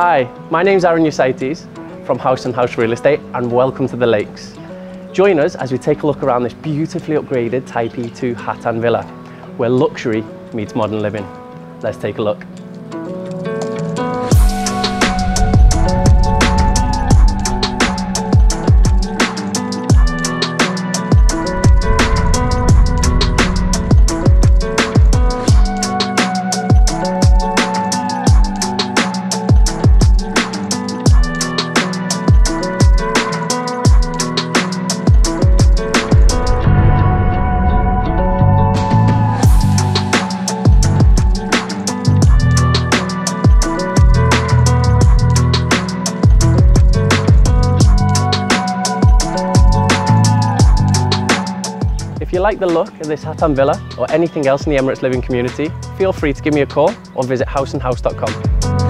Hi, my name is Aaron Eusites from House & House Real Estate and welcome to The Lakes. Join us as we take a look around this beautifully upgraded Taipei 2 Hatton Villa, where luxury meets modern living. Let's take a look. If you like the look of this Hatton Villa or anything else in the Emirates Living community, feel free to give me a call or visit houseandhouse.com.